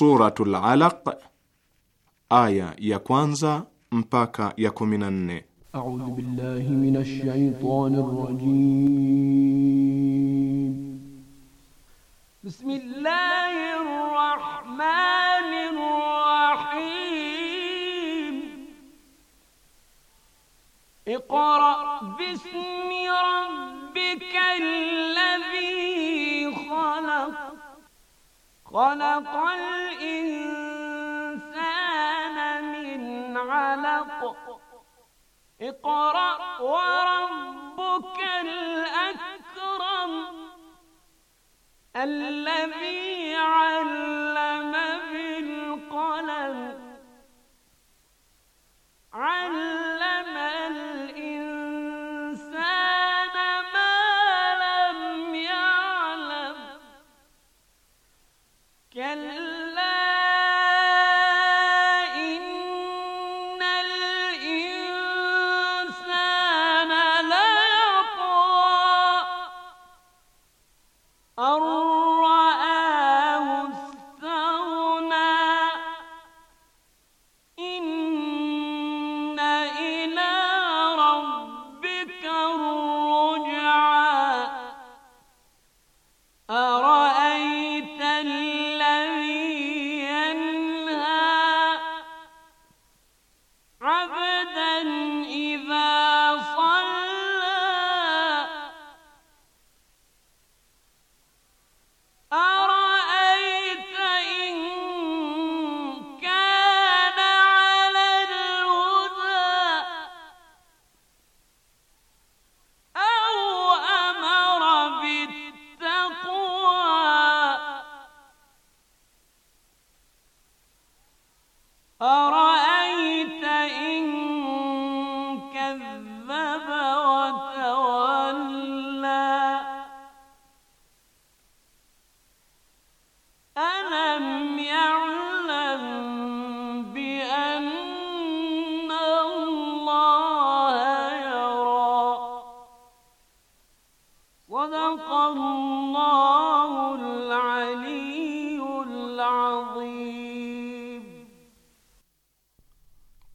Suratul Alaq aya ya kwanza mpaka ya 14. A'udhu billahi minash shaitanir rajim. Bismillahir rahmanir rahim. Iqra bismi rabbikal ladhi خلق الإنسان من علق اقرأ وربك الأكرم الذي علم بالقلم علم آه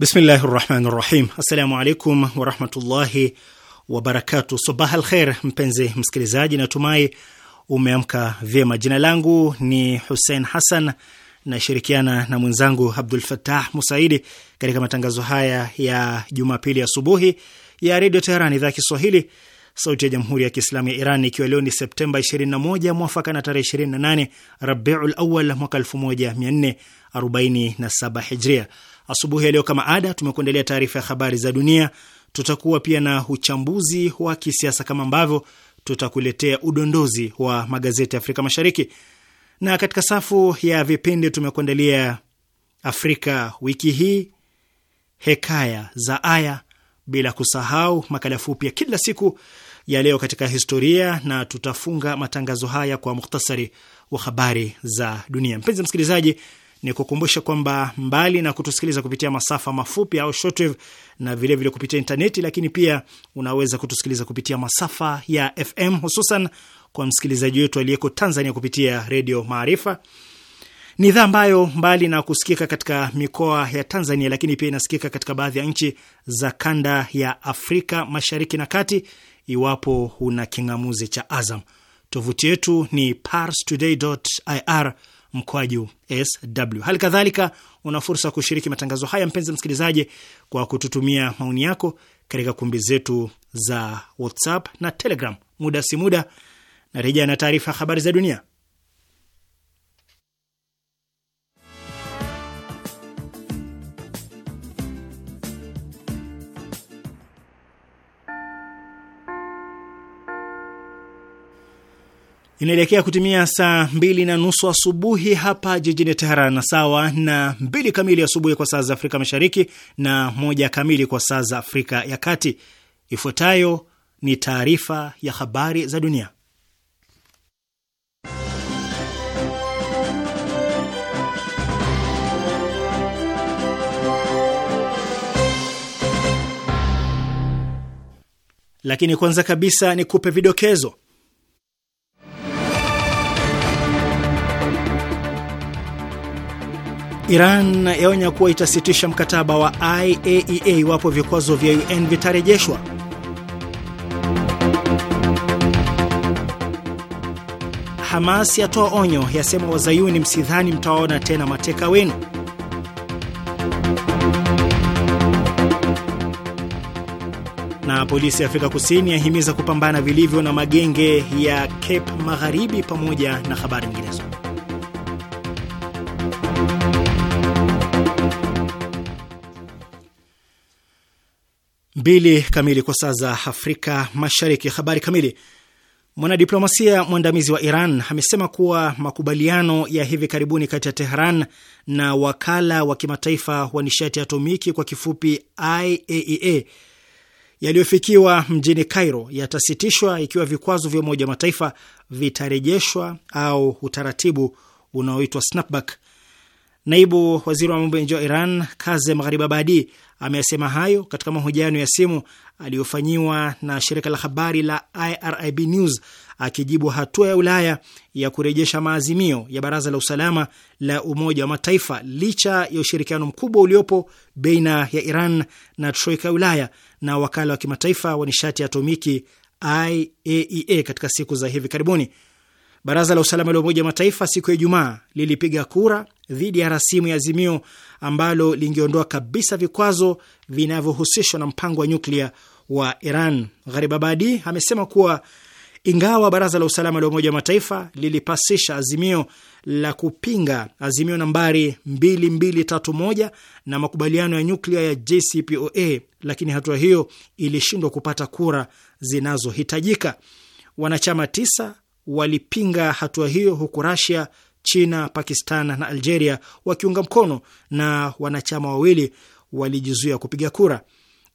Bismillahi rahmani rahim. Assalamu alaikum warahmatullahi wabarakatu. Sabah al mpenzi msikilizaji, natumai umeamka vyema. Jina langu ni Husein Hasan, nashirikiana na mwenzangu Abdul Fatah Musaidi katika matangazo haya ya Jumapili asubuhi ya Redio Teheran, idhaa ya Kiswahili, sauti ya Jamhuri ya Kiislamu ya Iran, ikiwa leo ni Septemba 21 mwafaka na tarehe 28 Rabiul Awal mwaka 1447 Hijria. Asubuhi ya leo kama ada, tumekuendelea taarifa ya habari za dunia, tutakuwa pia na uchambuzi wa kisiasa kama ambavyo tutakuletea udondozi wa magazeti ya Afrika Mashariki, na katika safu ya vipindi tumekuandalia Afrika wiki hii, hekaya za aya, bila kusahau makala fupi ya kila siku ya leo katika historia, na tutafunga matangazo haya kwa muhtasari wa habari za dunia. Mpenzi msikilizaji ni kukumbusha kwamba mbali na kutusikiliza kupitia masafa mafupi au shortwave na vilevile vile kupitia intaneti, lakini pia unaweza kutusikiliza kupitia masafa ya FM hususan kwa msikilizaji wetu aliyeko Tanzania kupitia Redio Maarifa. Ni dhaa ambayo mbali na kusikika katika mikoa ya Tanzania, lakini pia inasikika katika baadhi ya nchi za kanda ya Afrika Mashariki na Kati, iwapo una king'amuzi cha Azam. Tovuti yetu ni parstoday.ir mkwaju sw. Hali kadhalika una fursa ya kushiriki matangazo haya, mpenzi msikilizaji, kwa kututumia maoni yako katika kumbi zetu za WhatsApp na Telegram. Muda si muda na rejea na taarifa ya habari za dunia. inaelekea kutimia saa mbili na nusu asubuhi hapa jijini Teheran, na sawa na mbili kamili asubuhi kwa saa za Afrika Mashariki na moja kamili kwa saa za Afrika ya Kati. Ifuatayo ni taarifa ya habari za dunia, lakini kwanza kabisa ni kupe vidokezo Iran yaonya kuwa itasitisha mkataba wa IAEA e iwapo vikwazo vya UN vitarejeshwa. Hamas yatoa onyo, yasema wazayuni msidhani mtawaona tena mateka wenu. Na polisi ya Afrika Kusini yahimiza kupambana vilivyo na magenge ya Cape Magharibi, pamoja na habari nyinginezo. mbili kamili kwa saa za Afrika Mashariki. Habari kamili. Mwanadiplomasia mwandamizi wa Iran amesema kuwa makubaliano ya hivi karibuni kati ya Tehran na wakala wa kimataifa wa nishati atomiki kwa kifupi IAEA e yaliyofikiwa mjini Cairo yatasitishwa ikiwa vikwazo vya Umoja wa Mataifa vitarejeshwa au utaratibu unaoitwa snapback. Naibu waziri wa mambo ya nje wa Iran Kazem Gharibabadi Ameyasema hayo katika mahojiano ya simu aliyofanyiwa na shirika la habari la IRIB News akijibu hatua ya Ulaya ya kurejesha maazimio ya Baraza la Usalama la Umoja wa Mataifa licha ya ushirikiano mkubwa uliopo baina ya Iran na troika ya Ulaya na wakala wa kimataifa wa nishati ya atomiki IAEA e katika siku za hivi karibuni. Baraza la Usalama la Umoja wa Mataifa siku ya Ijumaa lilipiga kura dhidi ya rasimu ya azimio ambalo lingeondoa kabisa vikwazo vinavyohusishwa na mpango wa nyuklia wa Iran. Gharibabadi amesema kuwa ingawa baraza la usalama la Umoja wa Mataifa lilipasisha azimio la kupinga azimio nambari 2231 na makubaliano ya nyuklia ya JCPOA, lakini hatua hiyo ilishindwa kupata kura zinazohitajika. Wanachama tisa walipinga hatua hiyo, huku Rasia, China, Pakistan na Algeria wakiunga mkono na wanachama wawili walijizuia kupiga kura.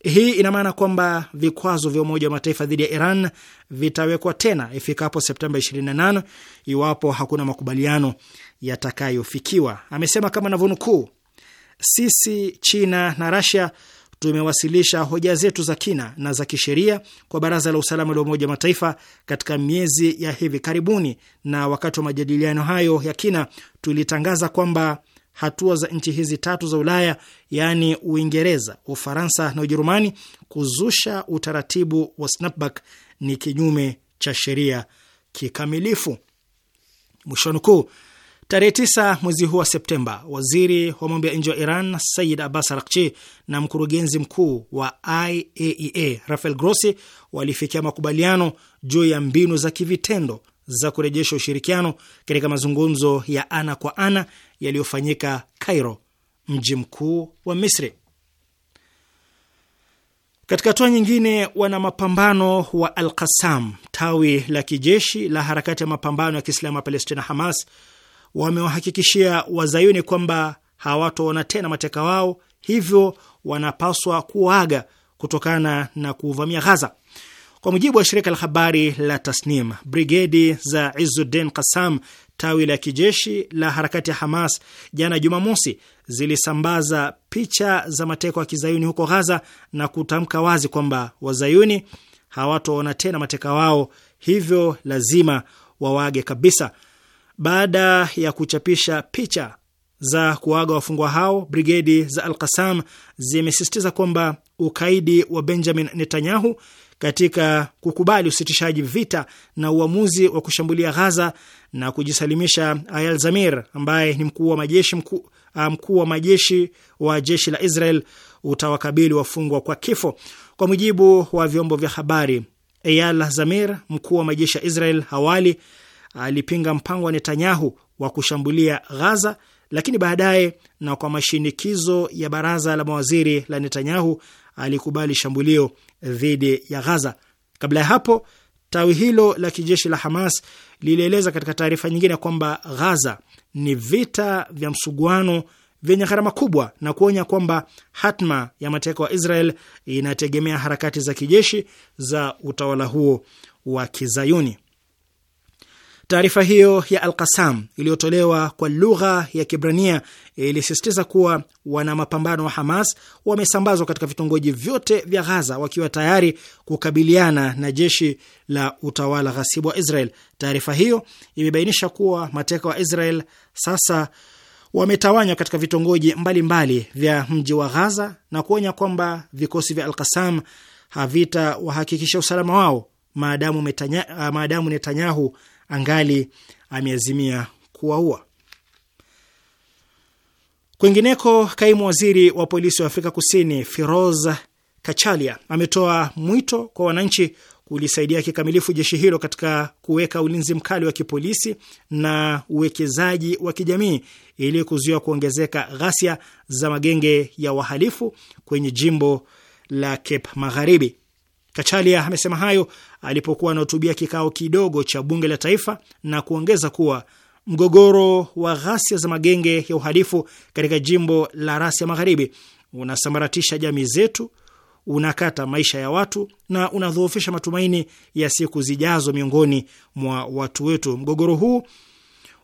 Hii ina maana kwamba vikwazo vya Umoja wa Mataifa dhidi ya Iran vitawekwa tena ifikapo Septemba 28 iwapo hakuna makubaliano yatakayofikiwa. Amesema kama navyonukuu, sisi China na Rasia tumewasilisha hoja zetu za kina na za kisheria kwa Baraza la Usalama la Umoja wa Mataifa katika miezi ya hivi karibuni, na wakati wa majadiliano hayo ya kina tulitangaza kwamba hatua za nchi hizi tatu za Ulaya yaani Uingereza, Ufaransa na Ujerumani kuzusha utaratibu wa snapback ni kinyume cha sheria kikamilifu. Mwisho nukuu. Tarehe 9 mwezi huu wa Septemba, waziri wa mambo ya nje wa Iran Sayid Abbas Arakchi na mkurugenzi mkuu wa IAEA e Rafael Grossi walifikia makubaliano juu ya mbinu za kivitendo za kurejesha ushirikiano katika mazungumzo ya ana kwa ana yaliyofanyika Cairo, mji mkuu wa Misri. Katika hatua nyingine, wana mapambano wa Al Qassam, tawi la kijeshi la harakati ya mapambano ya Kiislamu ya Palestina, Hamas wamewahakikishia wazayuni kwamba hawatoona tena mateka wao, hivyo wanapaswa kuaga kutokana na kuvamia Ghaza. Kwa mujibu wa shirika la habari la Tasnim, brigedi za Izuddin Kasam, tawi la kijeshi la harakati ya Hamas, jana Jumamosi zilisambaza picha za mateka wa kizayuni huko Ghaza na kutamka wazi kwamba wazayuni hawatoona tena mateka wao, hivyo lazima wawage kabisa. Baada ya kuchapisha picha za kuaga wafungwa hao, brigedi za Al-Qassam zimesisitiza kwamba ukaidi wa Benjamin Netanyahu katika kukubali usitishaji vita na uamuzi wa kushambulia Ghaza na kujisalimisha Ayal Zamir ambaye ni mkuu wa majeshi mkuu uh, mkuu wa majeshi wa jeshi la Israel utawakabili wafungwa kwa kifo. Kwa mujibu wa vyombo vya habari, Eyal Zamir, mkuu wa majeshi ya Israel, awali alipinga mpango wa Netanyahu wa kushambulia Ghaza, lakini baadaye na kwa mashinikizo ya baraza la mawaziri la Netanyahu alikubali shambulio dhidi ya Ghaza. Kabla ya hapo, tawi hilo la kijeshi la Hamas lilieleza katika taarifa nyingine kwamba Ghaza ni vita vya msuguano vyenye gharama kubwa na kuonya kwamba hatma ya mateka wa Israel inategemea harakati za kijeshi za utawala huo wa Kizayuni. Taarifa hiyo ya Alkasam iliyotolewa kwa lugha ya Kibrania ilisisitiza kuwa wana mapambano wa Hamas wamesambazwa katika vitongoji vyote vya Ghaza wakiwa tayari kukabiliana na jeshi la utawala ghasibu wa Israel. Taarifa hiyo imebainisha kuwa mateka wa Israel sasa wametawanywa katika vitongoji mbalimbali vya mji wa Ghaza na kuonya kwamba vikosi vya Alkasam havitawahakikisha usalama wao maadamu Netanyahu angali ameazimia kuwaua. Kwingineko, kaimu waziri wa polisi wa Afrika Kusini Firoz Kachalia ametoa mwito kwa wananchi kulisaidia kikamilifu jeshi hilo katika kuweka ulinzi mkali wa kipolisi na uwekezaji wa kijamii ili kuzuia kuongezeka ghasia za magenge ya wahalifu kwenye jimbo la Cape Magharibi. Kachalia amesema hayo alipokuwa anahutubia kikao kidogo cha bunge la taifa na kuongeza kuwa mgogoro wa ghasia za magenge ya uhalifu katika jimbo la Rasi ya Magharibi unasambaratisha jamii zetu, unakata maisha ya watu na unadhoofisha matumaini ya siku zijazo miongoni mwa watu wetu. Mgogoro huu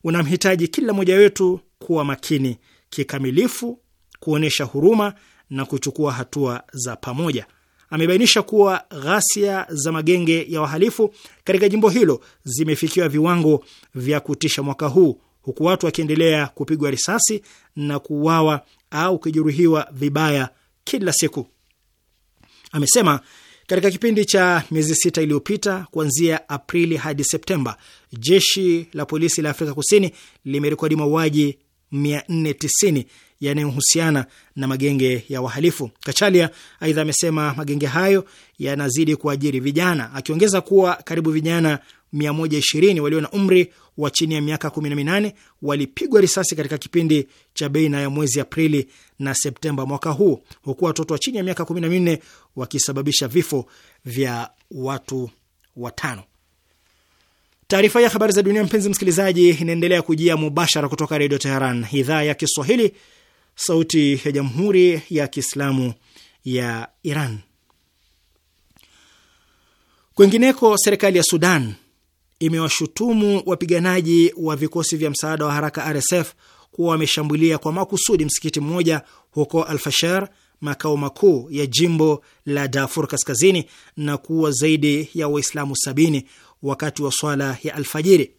unamhitaji kila mmoja wetu kuwa makini kikamilifu, kuonyesha huruma na kuchukua hatua za pamoja amebainisha kuwa ghasia za magenge ya wahalifu katika jimbo hilo zimefikiwa viwango vya kutisha mwaka huu huku watu wakiendelea kupigwa risasi na kuuawa au kujeruhiwa vibaya kila siku. Amesema katika kipindi cha miezi sita iliyopita kuanzia Aprili hadi Septemba, jeshi la polisi la Afrika Kusini limerekodi mauaji 490 yanayohusiana na magenge ya wahalifu. Kachalia aidha amesema magenge hayo yanazidi kuajiri vijana, akiongeza kuwa karibu vijana 120 walio na umri wa chini ya miaka 18 walipigwa risasi katika kipindi cha baina ya mwezi Aprili na Septemba mwaka huu, huku watoto wa chini ya miaka 14 wakisababisha vifo vya watu watano. Taarifa ya habari za dunia, mpenzi msikilizaji, inaendelea kujia mubashara kutoka Redio Teheran, idhaa ya Kiswahili, sauti ya jamhuri ya kiislamu ya Iran. Kwingineko, serikali ya Sudan imewashutumu wapiganaji wa vikosi vya msaada wa haraka RSF kuwa wameshambulia kwa makusudi msikiti mmoja huko Alfashar, makao makuu ya jimbo la Darfur Kaskazini, na kuua zaidi ya Waislamu sabini wakati wa swala ya alfajiri.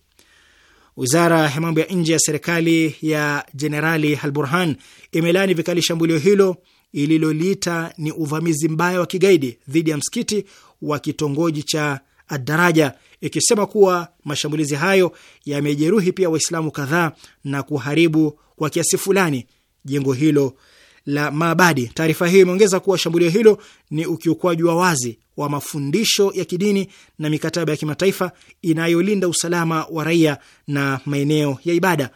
Wizara ya mambo ya nje ya serikali ya Jenerali Al-Burhan imelaani vikali shambulio hilo ililoliita ni uvamizi mbaya wa kigaidi dhidi ya msikiti wa kitongoji cha Adaraja, ikisema kuwa mashambulizi hayo yamejeruhi pia Waislamu kadhaa na kuharibu kwa kiasi fulani jengo hilo la Maabadi. Taarifa hiyo imeongeza kuwa shambulio hilo ni ukiukwaji wa wazi wa mafundisho ya kidini na mikataba ya kimataifa inayolinda usalama wa raia na maeneo ya ibada.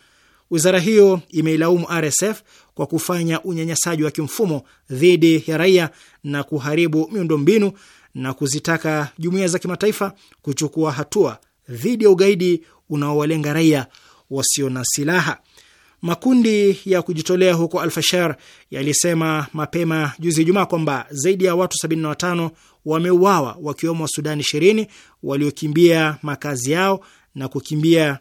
Wizara hiyo imeilaumu RSF kwa kufanya unyanyasaji wa kimfumo dhidi ya raia na kuharibu miundombinu na kuzitaka jumuiya za kimataifa kuchukua hatua dhidi ya ugaidi unaowalenga raia wasio na silaha. Makundi ya kujitolea huko Alfashar yalisema mapema juzi Ijumaa kwamba zaidi ya watu 75 wameuawa wakiwemo wa 20 waliokimbia makazi yao na kukimbia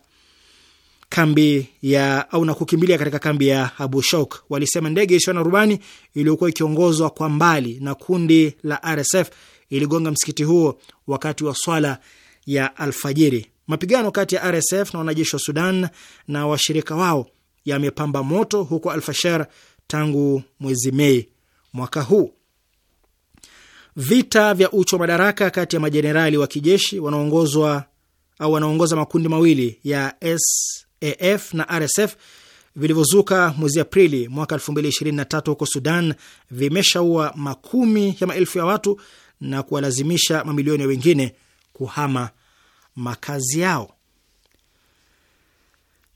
kambi ya au na kukimbilia katika kambi ya Abu Shouk. Walisema ndege isiyo na rubani iliyokuwa ikiongozwa kwa mbali na kundi la RSF iligonga msikiti huo wakati wa swala ya alfajiri. Mapigano kati ya RSF na wanajeshi wa Sudan na washirika wao yamepamba moto huko Alfashar tangu mwezi Mei mwaka huu. Vita vya uchu wa madaraka kati ya majenerali wa kijeshi wanaongozwa au wanaongoza makundi mawili ya SAF na RSF vilivyozuka mwezi Aprili mwaka 2023 huko Sudan vimeshaua makumi ya maelfu ya watu na kuwalazimisha mamilioni ya wengine kuhama makazi yao.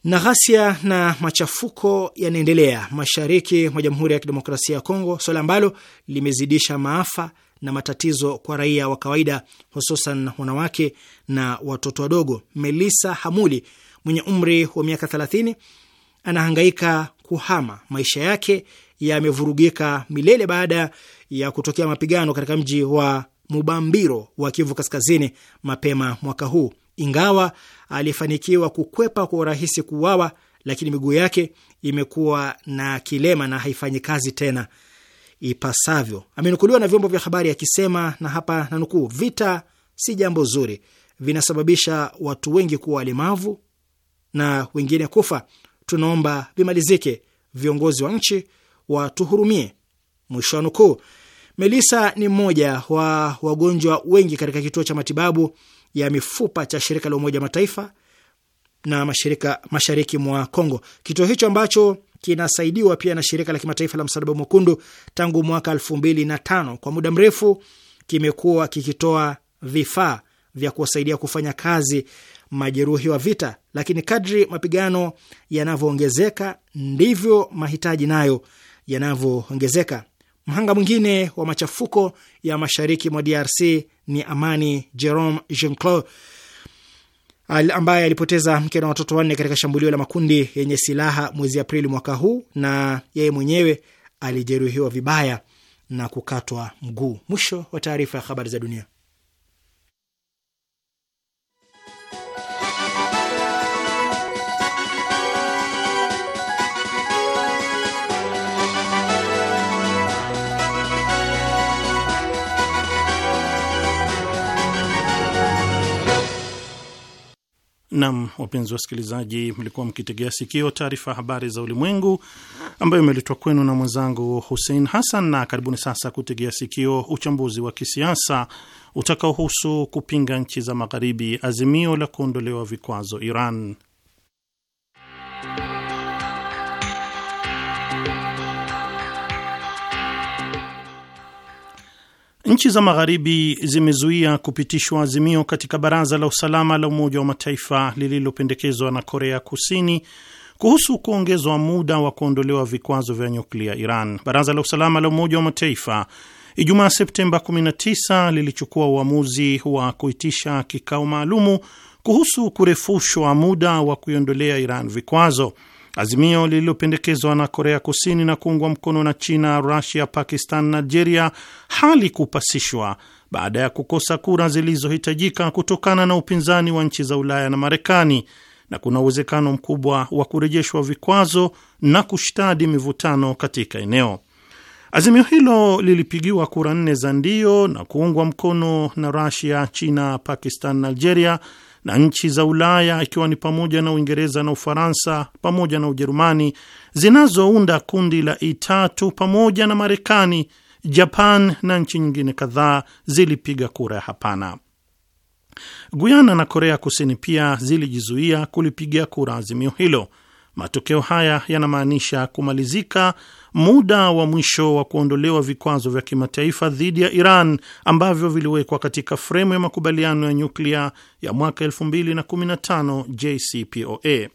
Na ghasia na machafuko yanaendelea mashariki mwa Jamhuri ya Kidemokrasia ya Kongo, swala ambalo limezidisha maafa na matatizo kwa raia wa kawaida, hususan wanawake na watoto wadogo. Melisa Hamuli mwenye umri wa miaka 30 anahangaika kuhama. Maisha yake yamevurugika milele baada ya kutokea mapigano katika mji wa Mubambiro wa Kivu Kaskazini mapema mwaka huu. Ingawa alifanikiwa kukwepa kwa urahisi kuuawa, lakini miguu yake imekuwa na kilema na haifanyi kazi tena ipasavyo. Amenukuliwa na vyombo vya habari akisema, na hapa nanukuu, vita si jambo zuri, vinasababisha watu wengi kuwa walemavu na wengine kufa. Tunaomba vimalizike, viongozi wa nchi watuhurumie, mwisho wa nukuu. Melisa ni mmoja wa wagonjwa wengi katika kituo cha matibabu ya mifupa cha shirika la Umoja Mataifa na mashirika mashariki mwa Kongo. Kituo hicho ambacho kinasaidiwa pia na shirika la kimataifa la Msalaba Mwekundu tangu mwaka elfu mbili na tano, kwa muda mrefu kimekuwa kikitoa vifaa vya kuwasaidia kufanya kazi majeruhi wa vita, lakini kadri mapigano yanavyoongezeka ndivyo mahitaji nayo yanavyoongezeka. Mhanga mwingine wa machafuko ya mashariki mwa DRC ni Amani Jerome Jean Claude ambaye alipoteza mke na watoto wanne katika shambulio la makundi yenye silaha mwezi Aprili mwaka huu, na yeye mwenyewe alijeruhiwa vibaya na kukatwa mguu. Mwisho wa taarifa ya habari za dunia. Nam, wapenzi wasikilizaji, mlikuwa mkitegea sikio taarifa ya habari za ulimwengu ambayo imeletwa kwenu na mwenzangu Hussein Hassan, na karibuni sasa kutegea sikio uchambuzi wa kisiasa utakaohusu kupinga nchi za magharibi azimio la kuondolewa vikwazo Iran. Nchi za Magharibi zimezuia kupitishwa azimio katika Baraza la Usalama la Umoja wa Mataifa lililopendekezwa na Korea Kusini kuhusu kuongezwa muda wa kuondolewa vikwazo vya nyuklia Iran. Baraza la Usalama la Umoja wa Mataifa Ijumaa Septemba 19 lilichukua uamuzi wa kuitisha kikao maalumu kuhusu kurefushwa muda wa kuiondolea Iran vikwazo. Azimio lililopendekezwa na Korea Kusini na kuungwa mkono na China, Rusia, Pakistan na Algeria halikupasishwa baada ya kukosa kura zilizohitajika kutokana na upinzani wa nchi za Ulaya na Marekani, na kuna uwezekano mkubwa wa kurejeshwa vikwazo na kushtadi mivutano katika eneo. Azimio hilo lilipigiwa kura nne za ndio na kuungwa mkono na Rusia, China, Pakistan na Algeria na nchi za Ulaya ikiwa ni pamoja na Uingereza na Ufaransa pamoja na Ujerumani zinazounda kundi la E3 pamoja na Marekani, Japan na nchi nyingine kadhaa zilipiga kura ya hapana. Guyana na Korea Kusini pia zilijizuia kulipigia kura azimio hilo. Matokeo haya yanamaanisha kumalizika muda wa mwisho wa kuondolewa vikwazo vya kimataifa dhidi ya Iran ambavyo viliwekwa katika fremu ya makubaliano ya nyuklia ya mwaka 2015 JCPOA.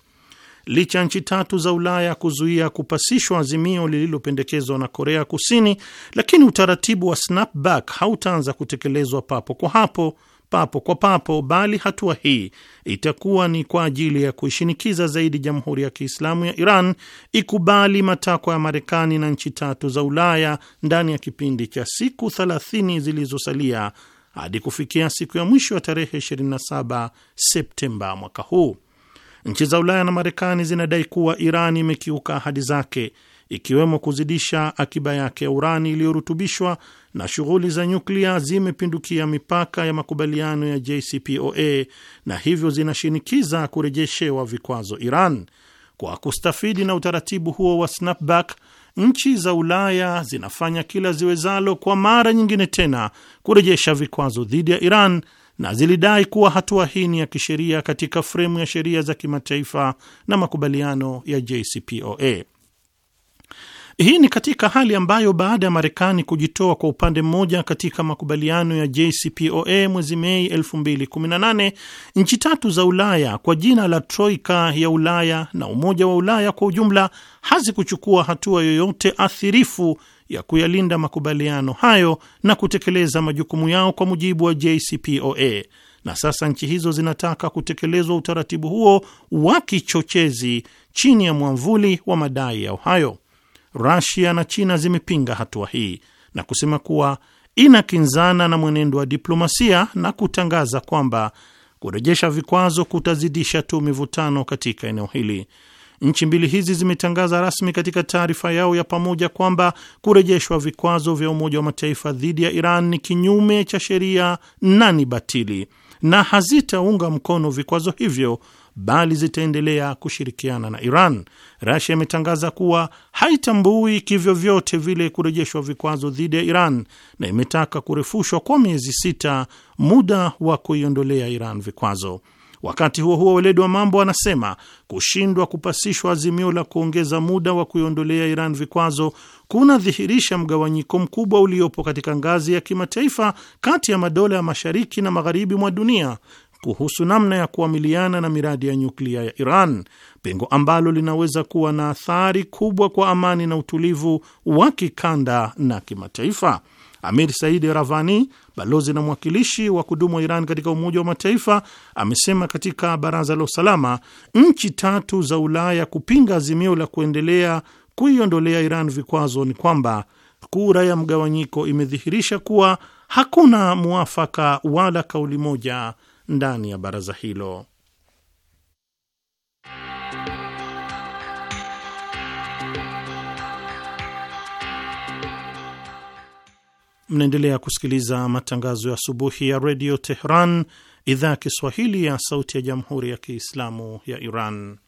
Licha ya nchi tatu za Ulaya kuzuia kupasishwa azimio lililopendekezwa na Korea Kusini, lakini utaratibu wa snapback hautaanza kutekelezwa papo kwa hapo papo kwa papo, bali hatua hii itakuwa ni kwa ajili ya kuishinikiza zaidi Jamhuri ya Kiislamu ya Iran ikubali matakwa ya Marekani na nchi tatu za Ulaya ndani ya kipindi cha siku 30 zilizosalia hadi kufikia siku ya mwisho ya tarehe 27 Septemba mwaka huu. Nchi za Ulaya na Marekani zinadai kuwa Iran imekiuka ahadi zake ikiwemo kuzidisha akiba yake ya urani iliyorutubishwa na shughuli za nyuklia zimepindukia mipaka ya makubaliano ya JCPOA na hivyo zinashinikiza kurejeshewa vikwazo Iran. Kwa kustafidi na utaratibu huo wa snapback, nchi za Ulaya zinafanya kila ziwezalo kwa mara nyingine tena kurejesha vikwazo dhidi ya Iran na zilidai kuwa hatua hii ni ya kisheria katika fremu ya sheria za kimataifa na makubaliano ya JCPOA. Hii ni katika hali ambayo baada ya Marekani kujitoa kwa upande mmoja katika makubaliano ya JCPOA mwezi Mei 2018, nchi tatu za Ulaya kwa jina la Troika ya Ulaya na Umoja wa Ulaya kwa ujumla hazikuchukua hatua yoyote athirifu ya kuyalinda makubaliano hayo na kutekeleza majukumu yao kwa mujibu wa JCPOA, na sasa nchi hizo zinataka kutekelezwa utaratibu huo wa kichochezi chini ya mwamvuli wa madai yao hayo. Rasia na China zimepinga hatua hii na kusema kuwa inakinzana na mwenendo wa diplomasia na kutangaza kwamba kurejesha vikwazo kutazidisha tu mivutano katika eneo hili. Nchi mbili hizi zimetangaza rasmi katika taarifa yao ya pamoja kwamba kurejeshwa vikwazo vya Umoja wa Mataifa dhidi ya Iran ni kinyume cha sheria na ni batili na hazitaunga mkono vikwazo hivyo bali zitaendelea kushirikiana na Iran. Rasia imetangaza kuwa haitambui kivyovyote vile kurejeshwa vikwazo dhidi ya Iran na imetaka kurefushwa kwa miezi sita muda wa kuiondolea Iran vikwazo. Wakati huo huo, weledi wa mambo anasema kushindwa kupasishwa azimio la kuongeza muda wa kuiondolea Iran vikwazo kunadhihirisha mgawanyiko mkubwa uliopo katika ngazi ya kimataifa kati ya madola ya mashariki na magharibi mwa dunia kuhusu namna ya kuamiliana na miradi ya nyuklia ya Iran, pengo ambalo linaweza kuwa na athari kubwa kwa amani na utulivu wa kikanda na kimataifa. Amir Said Ravani, balozi na mwakilishi wa kudumu wa Iran katika Umoja wa Mataifa, amesema katika Baraza la Usalama nchi tatu za Ulaya kupinga azimio la kuendelea kuiondolea Iran vikwazo ni kwamba kura ya mgawanyiko imedhihirisha kuwa hakuna mwafaka wala kauli moja ndani ya baraza hilo. Mnaendelea kusikiliza matangazo ya asubuhi ya redio Tehran, idhaa ya Kiswahili ya sauti ya jamhuri ya Kiislamu ya Iran.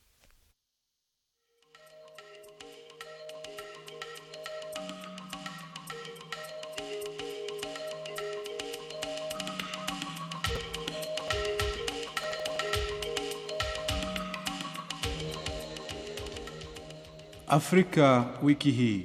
Afrika wiki hii.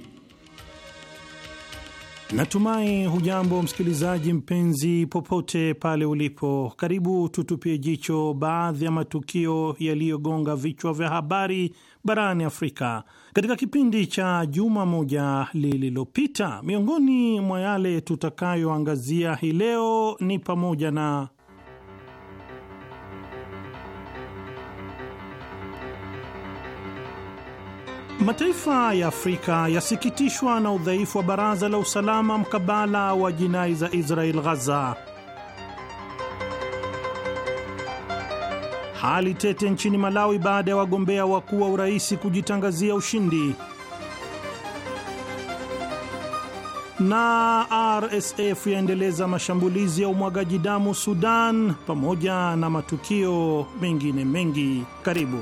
Natumai hujambo msikilizaji mpenzi, popote pale ulipo. Karibu tutupie jicho baadhi ya matukio yaliyogonga vichwa vya habari barani Afrika katika kipindi cha juma moja lililopita. Miongoni mwa yale tutakayoangazia hii leo ni pamoja na Mataifa ya Afrika yasikitishwa na udhaifu wa Baraza la Usalama mkabala wa jinai za Israel Ghaza. Hali tete nchini Malawi baada ya wagombea wakuu wa urais kujitangazia ushindi. Na RSF yaendeleza mashambulizi ya umwagaji damu Sudan pamoja na matukio mengine mengi. Karibu.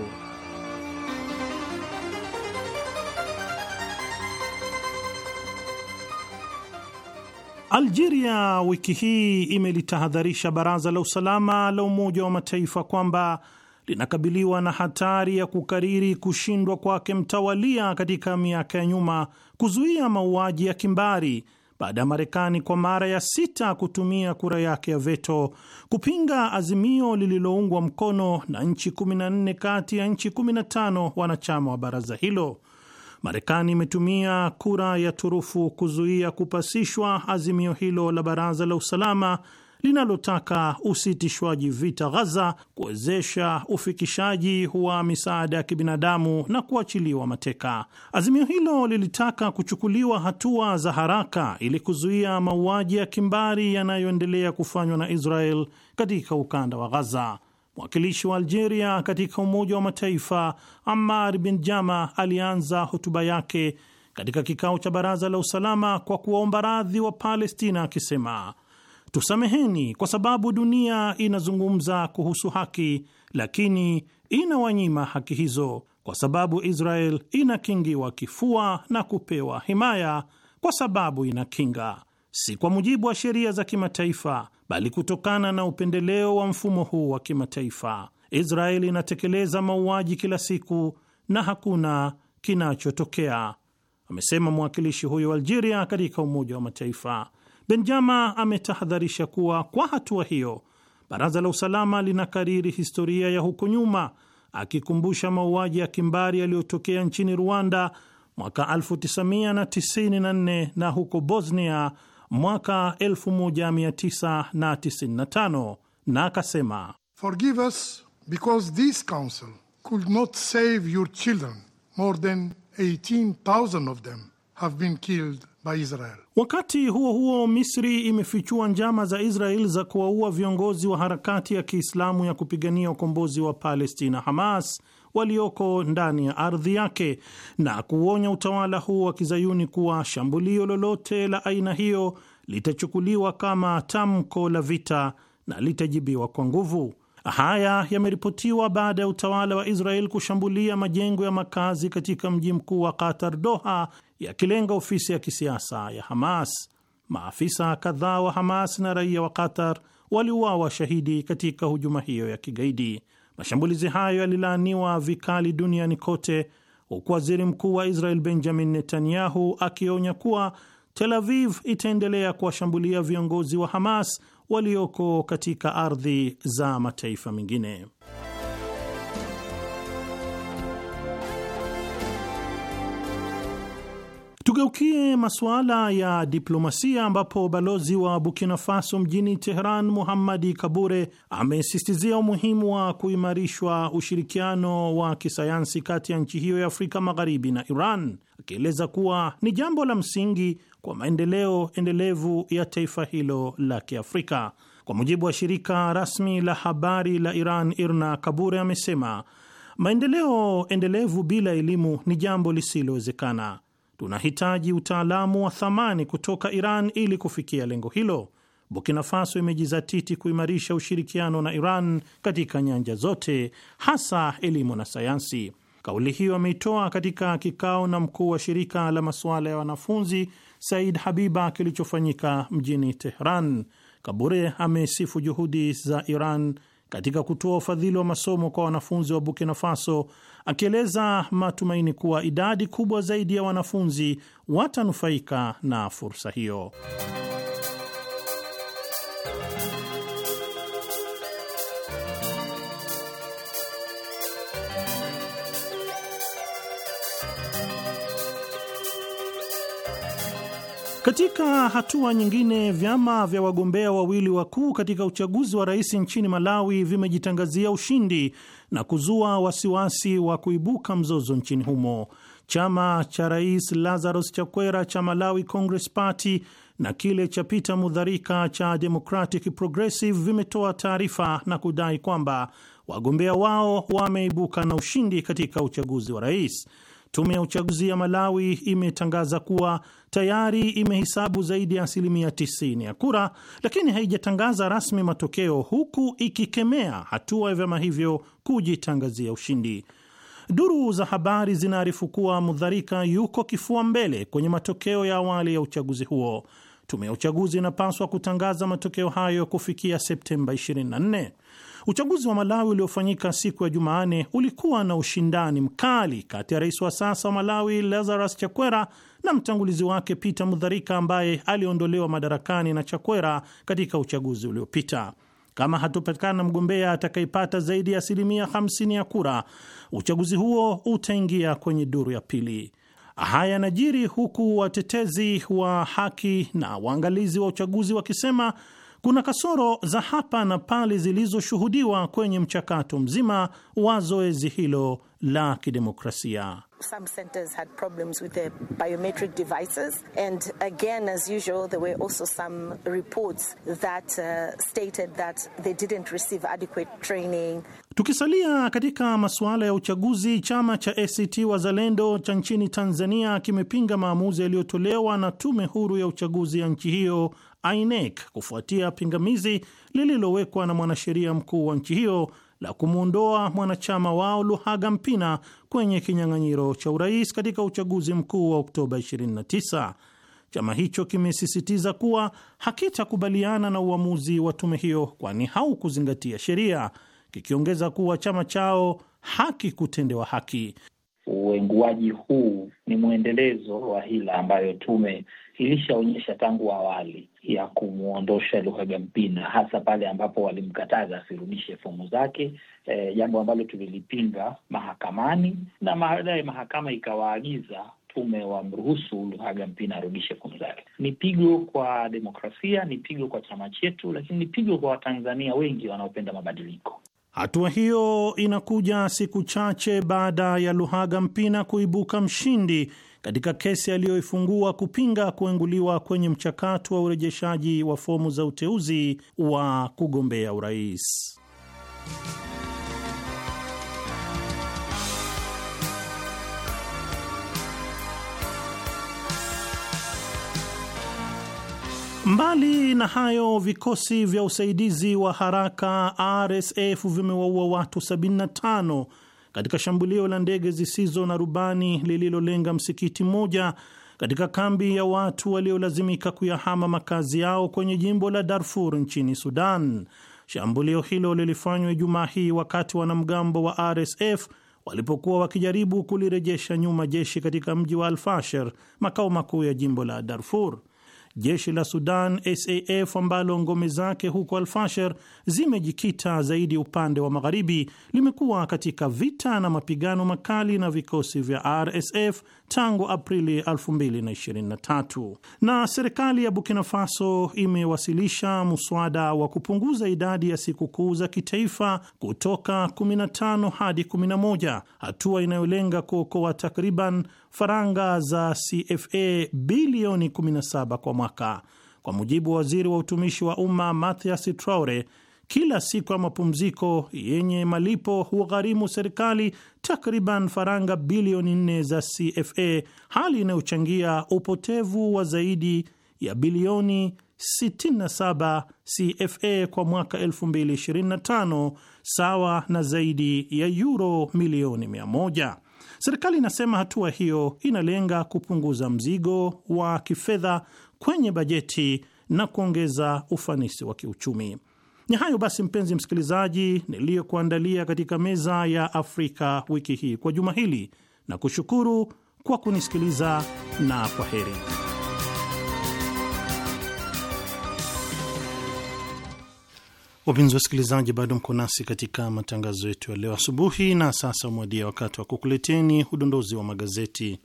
Algeria wiki hii imelitahadharisha Baraza la Usalama la Umoja wa Mataifa kwamba linakabiliwa na hatari ya kukariri kushindwa kwake mtawalia katika miaka ya nyuma kuzuia mauaji ya kimbari baada ya Marekani kwa mara ya sita kutumia kura yake ya veto kupinga azimio lililoungwa mkono na nchi 14 kati ya nchi 15 wanachama wa baraza hilo. Marekani imetumia kura ya turufu kuzuia kupasishwa azimio hilo la Baraza la Usalama linalotaka usitishwaji vita Ghaza, kuwezesha ufikishaji wa misaada ya kibinadamu na kuachiliwa mateka. Azimio hilo lilitaka kuchukuliwa hatua za haraka ili kuzuia mauaji ya kimbari yanayoendelea kufanywa na Israel katika ukanda wa Ghaza. Mwakilishi wa Algeria katika Umoja wa Mataifa Ammar bin Jama alianza hotuba yake katika kikao cha Baraza la Usalama kwa kuwaomba radhi wa Palestina akisema, tusameheni kwa sababu dunia inazungumza kuhusu haki, lakini inawanyima haki hizo kwa sababu Israel inakingiwa kifua na kupewa himaya kwa sababu inakinga si kwa mujibu wa sheria za kimataifa, bali kutokana na upendeleo wa mfumo huu wa kimataifa. Israeli inatekeleza mauaji kila siku na hakuna kinachotokea, amesema mwakilishi huyo wa Algeria katika Umoja wa Mataifa. Benjama ametahadharisha kuwa kwa hatua hiyo Baraza la Usalama linakariri historia ya huko nyuma, akikumbusha mauaji ya kimbari yaliyotokea nchini Rwanda mwaka 1994 na huko Bosnia mwaka 1995 na akasema, Forgive us because this council could not save your children more than 18,000 of them have been killed by Israel. Wakati huo huo, Misri imefichua njama za Israel za kuwaua viongozi wa harakati ya Kiislamu ya kupigania ukombozi wa Palestina, Hamas walioko ndani ya ardhi yake na kuuonya utawala huu wa kizayuni kuwa shambulio lolote la aina hiyo litachukuliwa kama tamko la vita na litajibiwa kwa nguvu. Haya yameripotiwa baada ya utawala wa Israel kushambulia majengo ya makazi katika mji mkuu wa Qatar, Doha, yakilenga ofisi ya kisiasa ya Hamas. Maafisa kadhaa wa Hamas na raia wa Qatar waliuawa shahidi katika hujuma hiyo ya kigaidi. Mashambulizi hayo yalilaaniwa vikali duniani kote, huku waziri mkuu wa Israel Benjamin Netanyahu akionya kuwa Tel Aviv itaendelea kuwashambulia viongozi wa Hamas walioko katika ardhi za mataifa mengine. Tugeukie masuala ya diplomasia ambapo balozi wa Burkina Faso mjini Teheran, Muhammadi Kabure, amesisitizia umuhimu wa kuimarishwa ushirikiano wa kisayansi kati ya nchi hiyo ya Afrika Magharibi na Iran, akieleza kuwa ni jambo la msingi kwa maendeleo endelevu ya taifa hilo la Kiafrika. Kwa mujibu wa shirika rasmi la habari la Iran, IRNA, Kabure amesema maendeleo endelevu bila elimu ni jambo lisilowezekana tunahitaji utaalamu wa thamani kutoka Iran ili kufikia lengo hilo. Burkina Faso imejizatiti kuimarisha ushirikiano na Iran katika nyanja zote, hasa elimu na sayansi. Kauli hiyo ameitoa katika kikao na mkuu wa shirika la masuala ya wanafunzi Said Habiba kilichofanyika mjini Tehran. Kabure amesifu juhudi za Iran katika kutoa ufadhili wa masomo kwa wanafunzi wa Burkina Faso, akieleza matumaini kuwa idadi kubwa zaidi ya wanafunzi watanufaika na fursa hiyo. Katika hatua nyingine, vyama vya wagombea wawili wakuu katika uchaguzi wa rais nchini Malawi vimejitangazia ushindi na kuzua wasiwasi wa kuibuka mzozo nchini humo. Chama cha Rais Lazarus Chakwera cha Malawi Congress Party na kile cha Peter mudharika cha Democratic Progressive vimetoa taarifa na kudai kwamba wagombea wao wameibuka na ushindi katika uchaguzi wa rais. Tume ya uchaguzi ya Malawi imetangaza kuwa tayari imehesabu zaidi ya asilimia 90 ya kura, lakini haijatangaza rasmi matokeo, huku ikikemea hatua ya vyama hivyo kujitangazia ushindi. Duru za habari zinaarifu kuwa Mudharika yuko kifua mbele kwenye matokeo ya awali ya uchaguzi huo. Tume ya uchaguzi inapaswa kutangaza matokeo hayo kufikia Septemba 24. Uchaguzi wa Malawi uliofanyika siku ya Jumanne ulikuwa na ushindani mkali kati ya rais wa sasa wa Malawi Lazarus Chakwera na mtangulizi wake Peter Mutharika ambaye aliondolewa madarakani na Chakwera katika uchaguzi uliopita. Kama hatopatikana na mgombea atakayepata zaidi ya asilimia 50 ya kura, uchaguzi huo utaingia kwenye duru ya pili. Haya najiri huku watetezi wa haki na waangalizi wa uchaguzi wakisema kuna kasoro za hapa na pale zilizoshuhudiwa kwenye mchakato mzima wa zoezi hilo la kidemokrasia. Some centers had problems with their biometric devices. And again, as usual, there were also some reports that uh, stated that they didn't receive adequate training. Tukisalia katika masuala ya uchaguzi, chama cha ACT Wazalendo cha nchini Tanzania kimepinga maamuzi yaliyotolewa na tume huru ya uchaguzi ya nchi hiyo INEC kufuatia pingamizi lililowekwa na mwanasheria mkuu wa nchi hiyo la kumwondoa mwanachama wao Luhaga Mpina kwenye kinyang'anyiro cha urais katika uchaguzi mkuu wa Oktoba 29. Chama hicho kimesisitiza kuwa hakitakubaliana na uamuzi wa tume hiyo, kwani haukuzingatia sheria, kikiongeza kuwa chama chao hakikutendewa haki. Uenguaji huu ni mwendelezo wa hila ambayo tume ilishaonyesha tangu awali ya kumwondosha Luhaga Mpina, hasa pale ambapo walimkataza asirudishe fomu zake, eh, jambo e, ambalo tulilipinga mahakamani na baadaye mahakama ikawaagiza tume wamruhusu Luhaga Mpina arudishe fomu zake. Ni pigo kwa demokrasia, ni pigo kwa chama chetu, lakini ni pigo kwa Watanzania wengi wanaopenda mabadiliko. Hatua hiyo inakuja siku chache baada ya Luhaga Mpina kuibuka mshindi katika kesi aliyoifungua kupinga kuenguliwa kwenye mchakato wa urejeshaji wa fomu za uteuzi wa kugombea urais. Mbali na hayo, vikosi vya usaidizi wa haraka RSF vimewaua watu 75 katika shambulio la ndege zisizo na rubani lililolenga msikiti mmoja katika kambi ya watu waliolazimika kuyahama makazi yao kwenye jimbo la Darfur nchini Sudan. Shambulio hilo lilifanywa Ijumaa hii wakati wanamgambo wa RSF walipokuwa wakijaribu kulirejesha nyuma jeshi katika mji wa Alfasher, makao makuu ya jimbo la Darfur jeshi la Sudan SAF ambalo ngome zake huko Alfasher zimejikita zaidi upande wa magharibi limekuwa katika vita na mapigano makali na vikosi vya RSF tangu Aprili 2023. Na serikali ya Burkina Faso imewasilisha muswada wa kupunguza idadi ya sikukuu za kitaifa kutoka 15 hadi 11, hatua inayolenga kuokoa takriban faranga za CFA bilioni 17 kwa mwaka, kwa mujibu wa waziri wa utumishi wa umma Mathias Traore kila siku ya mapumziko yenye malipo hugharimu serikali takriban faranga bilioni nne za CFA, hali inayochangia upotevu wa zaidi ya bilioni 67 CFA kwa mwaka 2025 sawa na zaidi ya yuro milioni 100. Serikali inasema hatua hiyo inalenga kupunguza mzigo wa kifedha kwenye bajeti na kuongeza ufanisi wa kiuchumi. Ni hayo basi, mpenzi msikilizaji, niliyokuandalia katika meza ya Afrika wiki hii kwa juma hili, na kushukuru kwa kunisikiliza na kwa heri. Wapenzi wasikilizaji, bado mko nasi katika matangazo yetu ya leo asubuhi, na sasa umewadia wakati wa kukuleteni udondozi wa magazeti.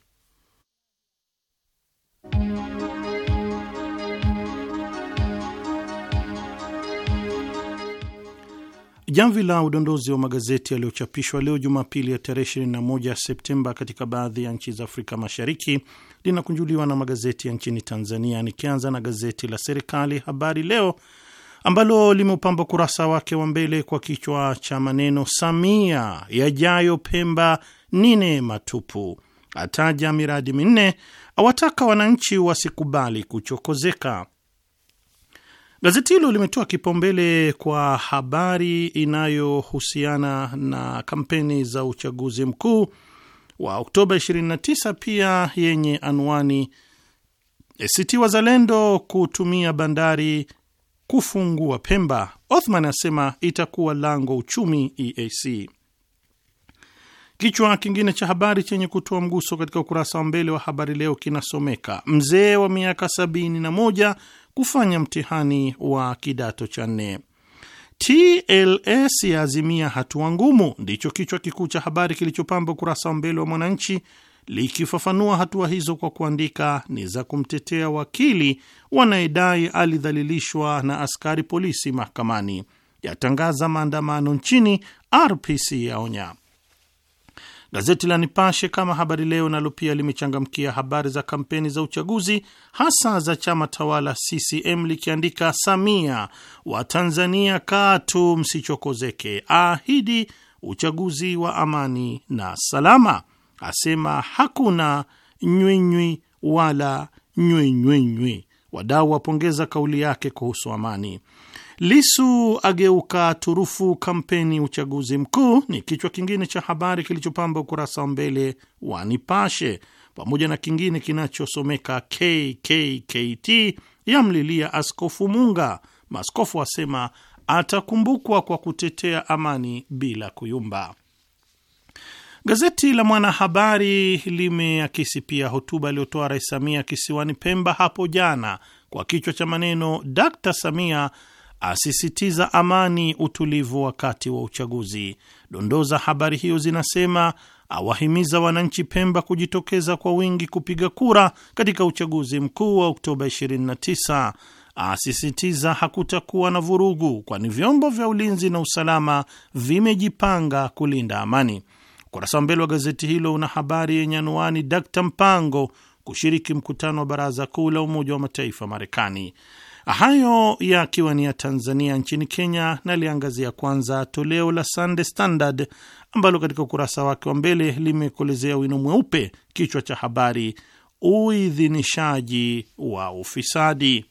Jamvi la udondozi wa magazeti yaliyochapishwa leo Jumapili ya tarehe 21 Septemba katika baadhi ya nchi za Afrika Mashariki linakunjuliwa na magazeti ya nchini Tanzania, nikianza na gazeti la serikali Habari Leo ambalo limeupamba ukurasa wake wa mbele kwa kichwa cha maneno Samia yajayo Pemba nine matupu, ataja miradi minne, awataka wananchi wasikubali kuchokozeka Gazeti hilo limetoa kipaumbele kwa habari inayohusiana na kampeni za uchaguzi mkuu wa Oktoba 29 pia yenye anwani ACT Wazalendo kutumia bandari kufungua Pemba. Othman asema itakuwa lango uchumi EAC. Kichwa kingine cha habari chenye kutoa mguso katika ukurasa wa mbele wa Habari Leo kinasomeka mzee wa miaka sabini na moja kufanya mtihani wa kidato cha nne. TLS yaazimia hatua ngumu, ndicho kichwa kikuu cha habari kilichopamba ukurasa wa mbele wa Mwananchi, likifafanua hatua hizo kwa kuandika ni za kumtetea wakili wanayedai alidhalilishwa na askari polisi mahakamani, yatangaza maandamano nchini, RPC yaonya Gazeti la Nipashe kama Habari Leo nalo pia limechangamkia habari za kampeni za uchaguzi, hasa za chama tawala CCM, likiandika Samia wa Tanzania, katu msichokozeke, ahidi uchaguzi wa amani na salama, asema hakuna nywinywi wala nywinywinywi. Wadau wapongeza kauli yake kuhusu amani. Lisu ageuka turufu kampeni uchaguzi mkuu ni kichwa kingine cha habari kilichopamba ukurasa wa mbele wa Nipashe, pamoja na kingine kinachosomeka KKKT yamlilia Askofu Munga, maskofu asema atakumbukwa kwa kutetea amani bila kuyumba. Gazeti la Mwanahabari limeakisi pia hotuba aliyotoa Rais Samia kisiwani Pemba hapo jana kwa kichwa cha maneno Dkt Samia asisitiza amani, utulivu wakati wa uchaguzi. Dondoo za habari hiyo zinasema awahimiza wananchi Pemba kujitokeza kwa wingi kupiga kura katika uchaguzi mkuu wa Oktoba 29. Asisitiza hakutakuwa na vurugu, kwani vyombo vya ulinzi na usalama vimejipanga kulinda amani. Ukurasa wa mbele wa gazeti hilo una habari yenye anuani Dkt Mpango kushiriki mkutano wa baraza kuu la Umoja wa Mataifa Marekani. Hayo yakiwa ni ya Tanzania. Nchini Kenya naliangazia kwanza toleo la Sunday Standard ambalo katika ukurasa wake wa mbele limekolezea wino mweupe kichwa cha habari, uidhinishaji wa ufisadi.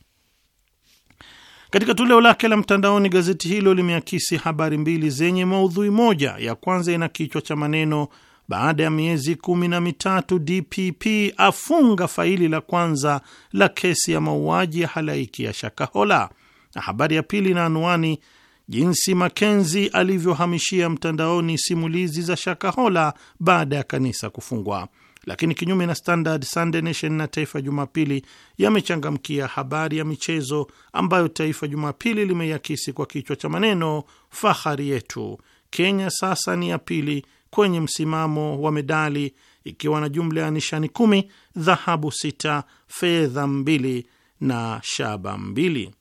Katika toleo lake la mtandaoni gazeti hilo limeakisi habari mbili zenye maudhui moja. Ya kwanza ina kichwa cha maneno baada ya miezi kumi na mitatu DPP afunga faili la kwanza la kesi ya mauaji ya halaiki ya Shakahola. Na habari ya pili na anwani jinsi Makenzi alivyohamishia mtandaoni simulizi za Shakahola baada ya kanisa kufungwa. Lakini kinyume na Standard, Sunday Nation na Taifa Jumapili yamechangamkia habari ya michezo ambayo Taifa Jumapili limeiakisi kwa kichwa cha maneno fahari yetu, Kenya sasa ni ya pili kwenye msimamo wa medali ikiwa na jumla ya nishani kumi, dhahabu sita, fedha mbili na shaba mbili.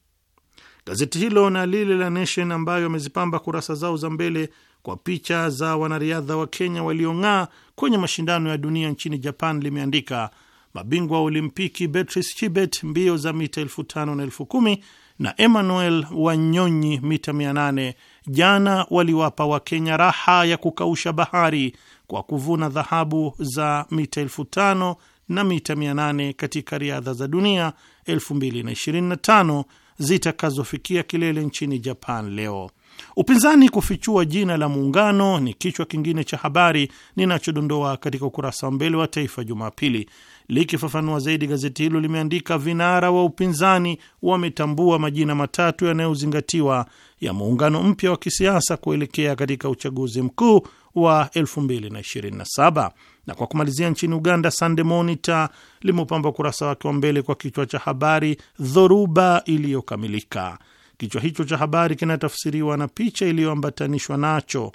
Gazeti hilo na lile la Nation ambayo amezipamba kurasa zao za mbele kwa picha za wanariadha wa Kenya waliong'aa kwenye mashindano ya dunia nchini Japan limeandika mabingwa wa Olimpiki Beatrice Chibet mbio za mita elfu tano na elfu kumi na Emmanuel Wanyonyi mita mia nane jana waliwapa Wakenya raha ya kukausha bahari kwa kuvuna dhahabu za mita elfu tano na mita nane katika riadha za dunia 2025 zitakazofikia kilele nchini Japan leo. Upinzani kufichua jina la muungano ni kichwa kingine cha habari ninachodondoa katika ukurasa wa mbele wa Taifa Jumapili. Likifafanua zaidi, gazeti hilo limeandika vinara wa upinzani wametambua majina matatu yanayozingatiwa ya muungano mpya wa kisiasa kuelekea katika uchaguzi mkuu wa 2027 na kwa kumalizia, nchini Uganda, Sunday Monitor limeupamba ukurasa wake wa mbele kwa kichwa cha habari, dhoruba iliyokamilika. Kichwa hicho cha habari kinatafsiriwa na picha iliyoambatanishwa nacho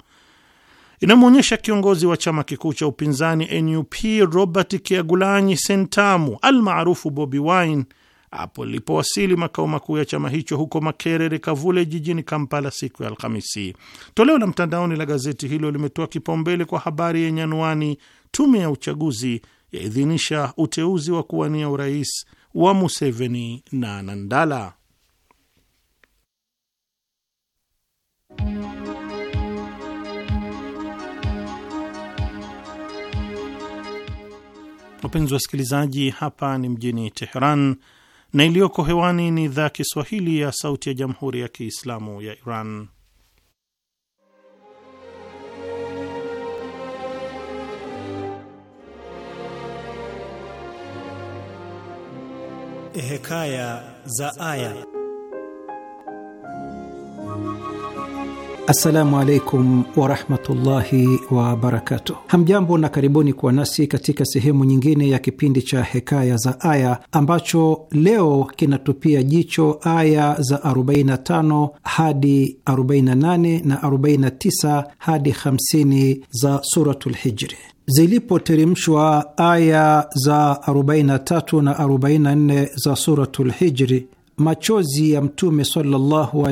inamwonyesha kiongozi wa chama kikuu cha upinzani NUP Robert Kiagulanyi Sentamu almaarufu Bobi Wine hapo lipowasili makao makuu ya chama hicho huko Makerere Kavule jijini Kampala siku ya Alhamisi. Toleo la mtandaoni la gazeti hilo limetoa kipaumbele kwa habari yenye anwani, tume ya uchaguzi yaidhinisha uteuzi wa kuwania urais wa Museveni na Nandala. Wapenzi wasikilizaji, hapa ni mjini Teheran na iliyoko hewani ni idhaa Kiswahili ya Sauti ya Jamhuri ya Kiislamu ya Iran. Hekaya za Aya. Assalamu alaikum warahmatullahi wabarakatu. Hamjambo na karibuni kuwa nasi katika sehemu nyingine ya kipindi cha Hekaya za Aya ambacho leo kinatupia jicho aya za 45 hadi 48 na 49 hadi 50 za Suratul Hijri. Zilipoteremshwa aya za 43 na 44 za Suratul Hijri machozi ya Mtume sallallahu wa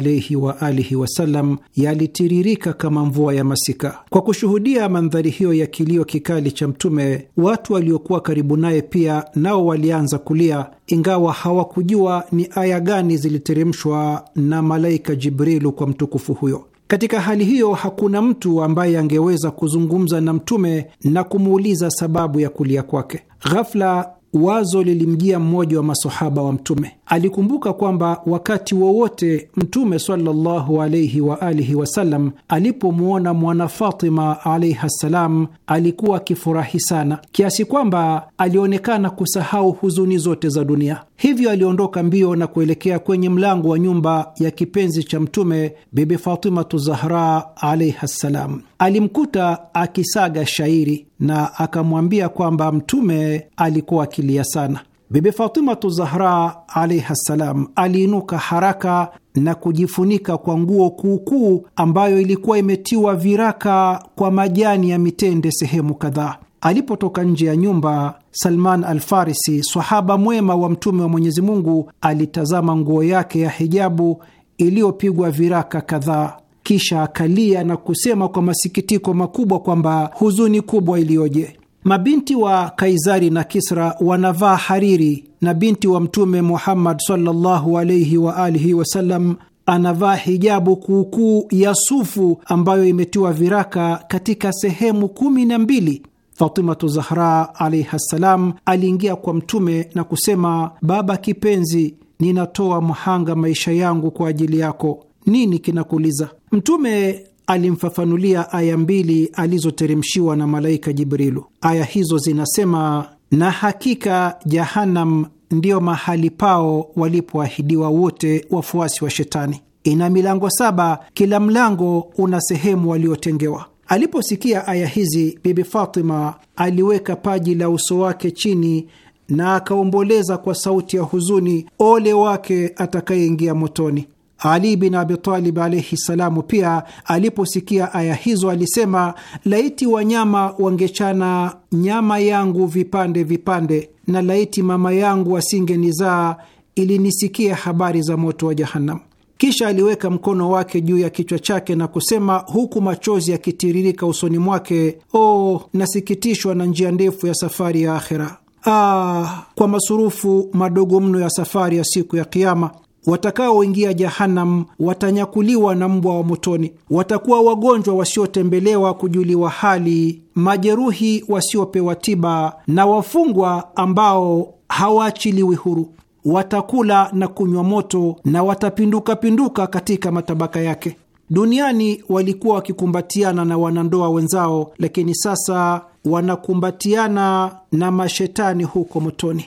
alihi wasallam yalitiririka kama mvua ya masika. Kwa kushuhudia mandhari hiyo ya kilio kikali cha Mtume, watu waliokuwa karibu naye pia nao walianza kulia, ingawa hawakujua ni aya gani ziliteremshwa na malaika Jibrilu kwa mtukufu huyo. Katika hali hiyo hakuna mtu ambaye angeweza kuzungumza na mtume na kumuuliza sababu ya kulia kwake. Ghafla wazo lilimjia mmoja wa masohaba wa Mtume. Alikumbuka kwamba wakati wowote Mtume sallallahu alaihi wa alihi wasallam alipomwona mwana Fatima alaihi ssalam, alikuwa akifurahi sana kiasi kwamba alionekana kusahau huzuni zote za dunia. Hivyo aliondoka mbio na kuelekea kwenye mlango wa nyumba ya kipenzi cha Mtume, Bibi Fatimatu Zahra alaihi ssalam. Alimkuta akisaga shairi na akamwambia kwamba Mtume alikuwa akilia sana. Bibi Fatimatu Zahra alaihi ssalam aliinuka haraka na kujifunika kwa nguo kuukuu ambayo ilikuwa imetiwa viraka kwa majani ya mitende sehemu kadhaa. Alipotoka nje ya nyumba, Salman Alfarisi, swahaba mwema wa Mtume wa Mwenyezi Mungu, alitazama nguo yake ya hijabu iliyopigwa viraka kadhaa kisha akalia na kusema kwa masikitiko makubwa kwamba huzuni kubwa iliyoje! Mabinti wa Kaisari na Kisra wanavaa hariri na binti wa Mtume Muhammad sallallahu alaihi wa alihi wasallam anavaa hijabu kuukuu ya sufu ambayo imetiwa viraka katika sehemu kumi na mbili. Fatimatu Zahra alaihi ssalam aliingia kwa Mtume na kusema, baba kipenzi, ninatoa mhanga maisha yangu kwa ajili yako nini kinakuuliza? Mtume alimfafanulia aya mbili alizoteremshiwa na malaika Jibrilu. Aya hizo zinasema, na hakika Jahanam ndiyo mahali pao walipoahidiwa wote wafuasi wa Shetani. Ina milango saba, kila mlango una sehemu waliotengewa. Aliposikia aya hizi, Bibi Fatima aliweka paji la uso wake chini na akaomboleza kwa sauti ya huzuni, ole wake atakayeingia motoni. Ali bin Abitalib alaihi salamu pia aliposikia aya hizo alisema, laiti wanyama wangechana nyama yangu vipande vipande, na laiti mama yangu asingenizaa ili nisikie habari za moto wa Jahannam. Kisha aliweka mkono wake juu ya kichwa chake na kusema huku machozi yakitiririka usoni mwake, oh, nasikitishwa na njia ndefu ya safari ya akhera. Ah, kwa masurufu madogo mno ya safari ya siku ya Kiama. Watakaoingia Jahanam watanyakuliwa na mbwa wa motoni. Watakuwa wagonjwa wasiotembelewa kujuliwa hali, majeruhi wasiopewa tiba, na wafungwa ambao hawaachiliwi huru. Watakula na kunywa moto na watapindukapinduka katika matabaka yake. Duniani walikuwa wakikumbatiana na wanandoa wenzao, lakini sasa wanakumbatiana na mashetani huko motoni.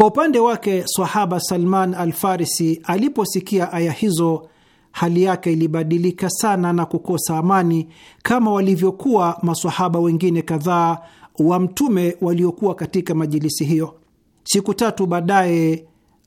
Kwa upande wake swahaba Salman Alfarisi aliposikia aya hizo, hali yake ilibadilika sana na kukosa amani, kama walivyokuwa maswahaba wengine kadhaa wa Mtume waliokuwa katika majilisi hiyo. Siku tatu baadaye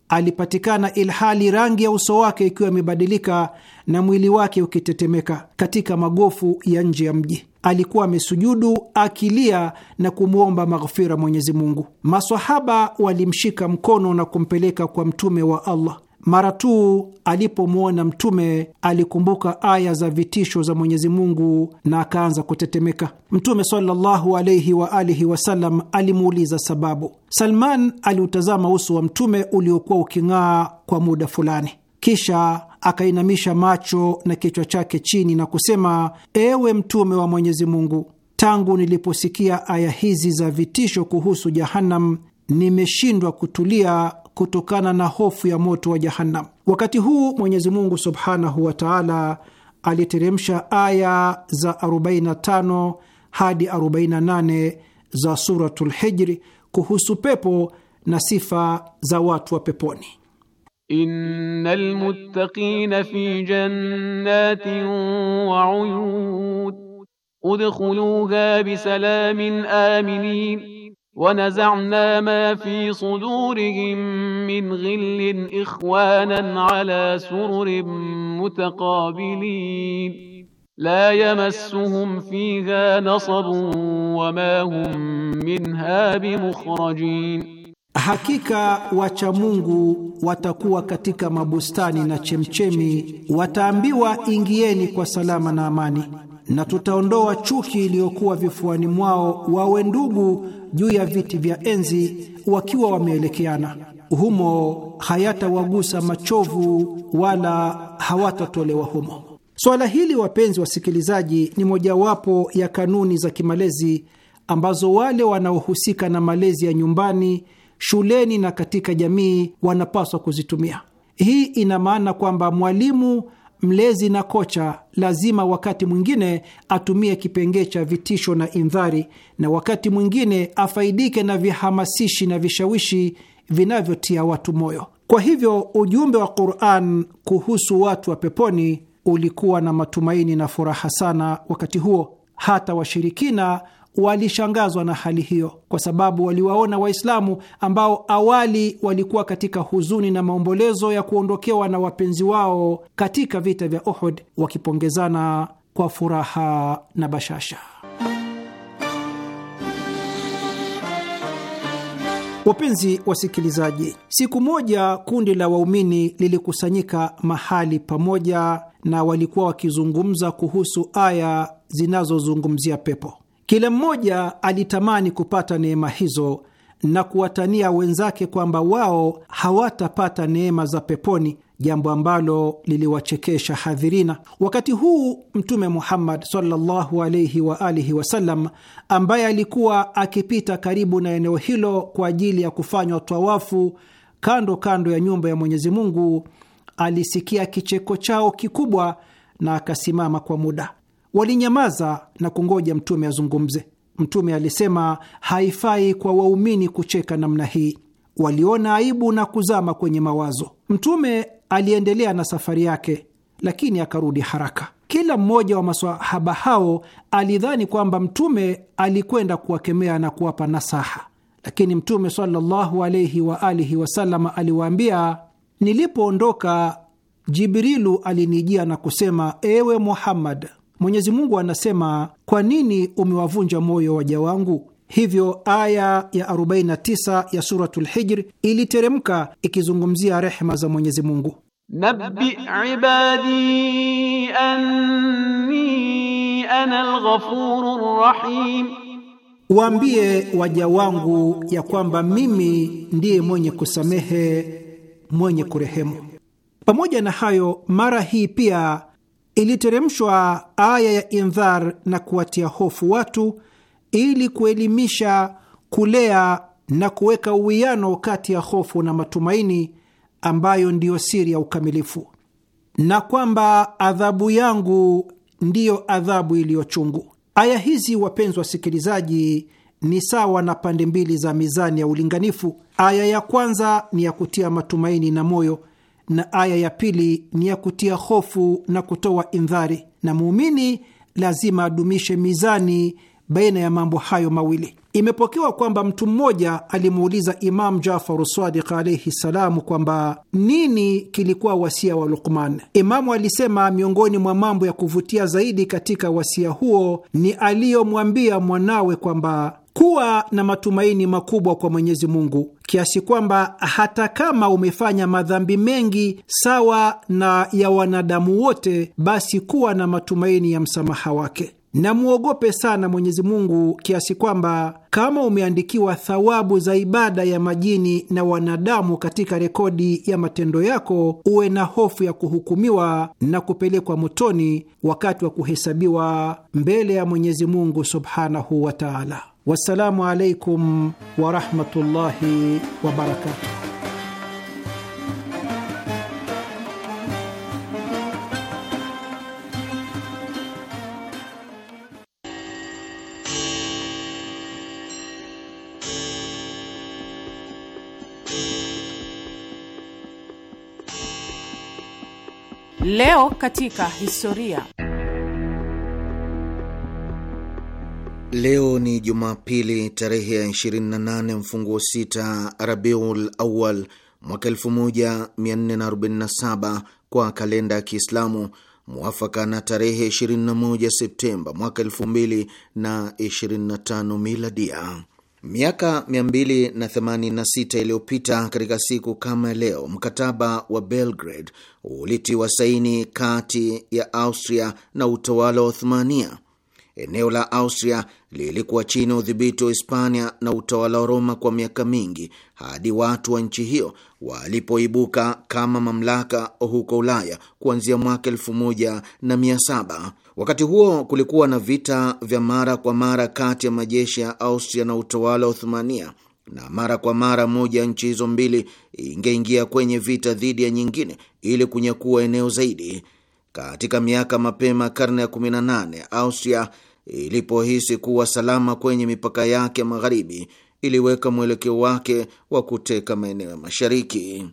alipatikana ilhali rangi ya uso wake ikiwa imebadilika na mwili wake ukitetemeka katika magofu ya nje ya mji alikuwa amesujudu akilia na kumwomba maghfira Mwenyezi Mungu. Masahaba walimshika mkono na kumpeleka kwa mtume wa Allah. Mara tu alipomwona mtume alikumbuka aya za vitisho za Mwenyezi Mungu na akaanza kutetemeka. Mtume sallallahu alaihi wa alihi wasallam alimuuliza sababu. Salman aliutazama uso wa mtume uliokuwa uking'aa kwa muda fulani, kisha akainamisha macho na kichwa chake chini na kusema, ewe Mtume wa Mwenyezi Mungu, tangu niliposikia aya hizi za vitisho kuhusu Jahannam nimeshindwa kutulia kutokana na hofu ya moto wa Jahannam. Wakati huu Mwenyezi Mungu subhanahu wa taala aliteremsha aya za 45 hadi 48 za Suratul Hijri kuhusu pepo na sifa za watu wa peponi. إن المتقين في جنات وعيون أدخلوها بسلام آمنين ونزعنا ما في صدورهم من غل إخوانا على سرر متقابلين لا يمسهم فيها نصب وما هم منها بمخرجين Hakika wacha Mungu watakuwa katika mabustani na chemchemi, wataambiwa ingieni kwa salama na amani, na tutaondoa chuki iliyokuwa vifuani mwao, wawe ndugu juu ya viti vya enzi wakiwa wameelekeana. Humo hayatawagusa machovu wala hawatatolewa humo. Swala hili, wapenzi wasikilizaji, ni mojawapo ya kanuni za kimalezi ambazo wale wanaohusika na malezi ya nyumbani shuleni na katika jamii wanapaswa kuzitumia. Hii ina maana kwamba mwalimu, mlezi na kocha lazima wakati mwingine atumie kipengee cha vitisho na indhari, na wakati mwingine afaidike na vihamasishi na vishawishi vinavyotia watu moyo. Kwa hivyo ujumbe wa Qur'an kuhusu watu wa peponi ulikuwa na matumaini na furaha sana wakati huo. Hata washirikina walishangazwa na hali hiyo, kwa sababu waliwaona Waislamu ambao awali walikuwa katika huzuni na maombolezo ya kuondokewa na wapenzi wao katika vita vya Uhud wakipongezana kwa furaha na bashasha. Wapenzi wasikilizaji, siku moja kundi la waumini lilikusanyika mahali pamoja na walikuwa wakizungumza kuhusu aya zinazozungumzia pepo. Kila mmoja alitamani kupata neema hizo na kuwatania wenzake kwamba wao hawatapata neema za peponi, jambo ambalo liliwachekesha hadhirina. Wakati huu Mtume Muhammad sallallahu alaihi wa alihi wasallam, ambaye alikuwa akipita karibu na eneo hilo kwa ajili ya kufanywa tawafu kando kando ya nyumba ya Mwenyezi Mungu, alisikia kicheko chao kikubwa na akasimama kwa muda. Walinyamaza na kungoja mtume azungumze. Mtume alisema, haifai kwa waumini kucheka namna hii. Waliona aibu na kuzama kwenye mawazo. Mtume aliendelea na safari yake, lakini akarudi haraka. Kila mmoja wa masahaba hao alidhani kwamba mtume alikwenda kuwakemea na kuwapa nasaha, lakini mtume sallallahu wa alihi wasallam aliwaambia, nilipoondoka Jibrilu alinijia na kusema, ewe Muhammad, Mwenyezi Mungu anasema, kwa nini umewavunja moyo waja wangu? Hivyo aya ya 49 ya Suratul Hijr iliteremka ikizungumzia rehema za Mwenyezi Mungu. Nabbi ibadi anni ana rahim, waambie waja wangu ya kwamba mimi ndiye mwenye kusamehe mwenye kurehemu. Pamoja na hayo, mara hii pia iliteremshwa aya ya indhar na kuwatia hofu watu ili kuelimisha, kulea na kuweka uwiano kati ya hofu na matumaini ambayo ndiyo siri ya ukamilifu, na kwamba adhabu yangu ndiyo adhabu iliyochungu. Aya hizi, wapenzi wasikilizaji, ni sawa na pande mbili za mizani ya ulinganifu. Aya ya kwanza ni ya kutia matumaini na moyo na aya ya pili ni ya kutia hofu na kutoa indhari, na muumini lazima adumishe mizani baina ya mambo hayo mawili. Imepokewa kwamba mtu mmoja alimuuliza Imamu Jafaru Sadiq alaihi salamu kwamba nini kilikuwa wasia wa Lukman. Imamu alisema miongoni mwa mambo ya kuvutia zaidi katika wasia huo ni aliyomwambia mwanawe kwamba kuwa na matumaini makubwa kwa Mwenyezi Mungu kiasi kwamba hata kama umefanya madhambi mengi sawa na ya wanadamu wote, basi kuwa na matumaini ya msamaha wake Namwogope sana Mwenyezi Mungu kiasi kwamba kama umeandikiwa thawabu za ibada ya majini na wanadamu katika rekodi ya matendo yako, uwe na hofu ya kuhukumiwa na kupelekwa motoni wakati wa kuhesabiwa mbele ya Mwenyezi Mungu subhanahu wa taala. Wassalamu alaikum warahmatullahi wabarakatuh. Leo katika historia. Leo ni Jumapili tarehe ya 28 mfunguo sita Rabiul Awal mwaka 1447 kwa kalenda ya Kiislamu mwafaka na tarehe 21 Septemba mwaka 2025 miladia. Miaka 286 iliyopita katika siku kama leo, mkataba wa Belgrade ulitiwa saini kati ya Austria na utawala wa Uthmania. Eneo la Austria lilikuwa chini ya udhibiti wa Hispania na utawala wa Roma kwa miaka mingi hadi watu wa nchi hiyo walipoibuka kama mamlaka huko Ulaya kuanzia mwaka elfu moja na mia saba. Wakati huo kulikuwa na vita vya mara kwa mara kati ya majeshi ya Austria na utawala wa Uthumania, na mara kwa mara moja ya nchi hizo mbili ingeingia kwenye vita dhidi ya nyingine ili kunyakua eneo zaidi. Katika miaka mapema karne ya 18 Austria ilipohisi kuwa salama kwenye mipaka yake ya magharibi, iliweka mwelekeo wake wa kuteka maeneo ya mashariki.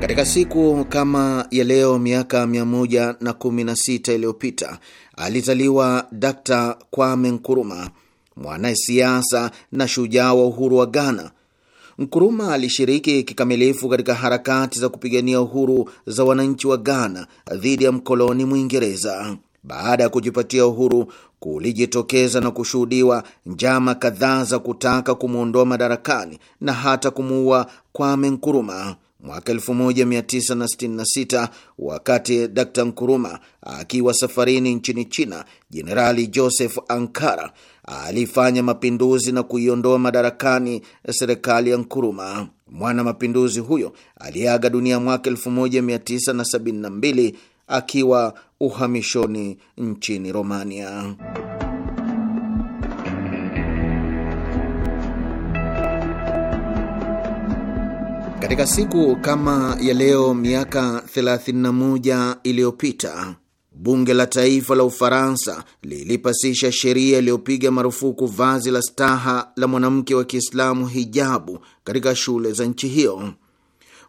Katika siku kama ya leo miaka 116 iliyopita alizaliwa d Kwame Nkrumah, mwanasiasa na shujaa wa uhuru wa Ghana Nkuruma alishiriki kikamilifu katika harakati za kupigania uhuru za wananchi wa Ghana dhidi ya mkoloni Mwingereza. Baada ya kujipatia uhuru, kulijitokeza na kushuhudiwa njama kadhaa za kutaka kumwondoa madarakani na hata kumuua Kwame Nkuruma mwaka 1966 wakati d Nkuruma akiwa safarini nchini China, Jenerali Joseph Ankara alifanya mapinduzi na kuiondoa madarakani serikali ya Nkuruma. Mwana mapinduzi huyo aliaga dunia mwaka 1972 akiwa uhamishoni nchini Romania. Katika siku kama ya leo miaka 31 iliyopita bunge la taifa la Ufaransa lilipasisha sheria iliyopiga marufuku vazi la staha la mwanamke wa Kiislamu, hijabu, katika shule za nchi hiyo.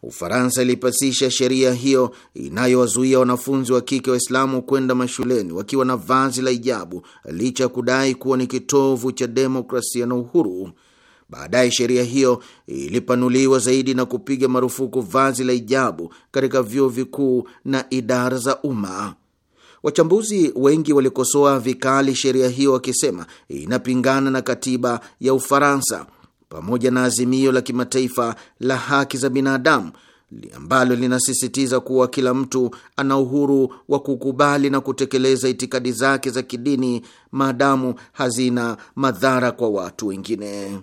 Ufaransa ilipasisha sheria hiyo inayowazuia wanafunzi wa kike Waislamu kwenda mashuleni wakiwa na vazi la hijabu licha ya kudai kuwa ni kitovu cha demokrasia na uhuru. Baadaye sheria hiyo ilipanuliwa zaidi na kupiga marufuku vazi la hijabu katika vyuo vikuu na idara za umma. Wachambuzi wengi walikosoa vikali sheria hiyo wakisema inapingana na katiba ya Ufaransa pamoja na azimio la kimataifa la haki za binadamu ambalo linasisitiza kuwa kila mtu ana uhuru wa kukubali na kutekeleza itikadi zake za kidini maadamu hazina madhara kwa watu wengine.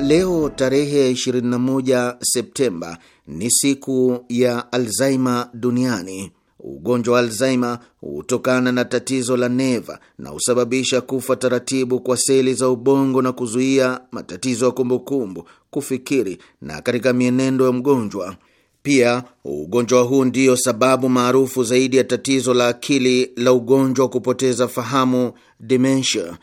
leo tarehe 21 Septemba ni siku ya Alzheimer duniani. Ugonjwa wa Alzheimer hutokana na tatizo la neva na husababisha kufa taratibu kwa seli za ubongo na kuzuia matatizo ya kumbukumbu, kufikiri na katika mienendo ya mgonjwa. Pia ugonjwa huu ndiyo sababu maarufu zaidi ya tatizo la akili la ugonjwa wa kupoteza fahamu, dementia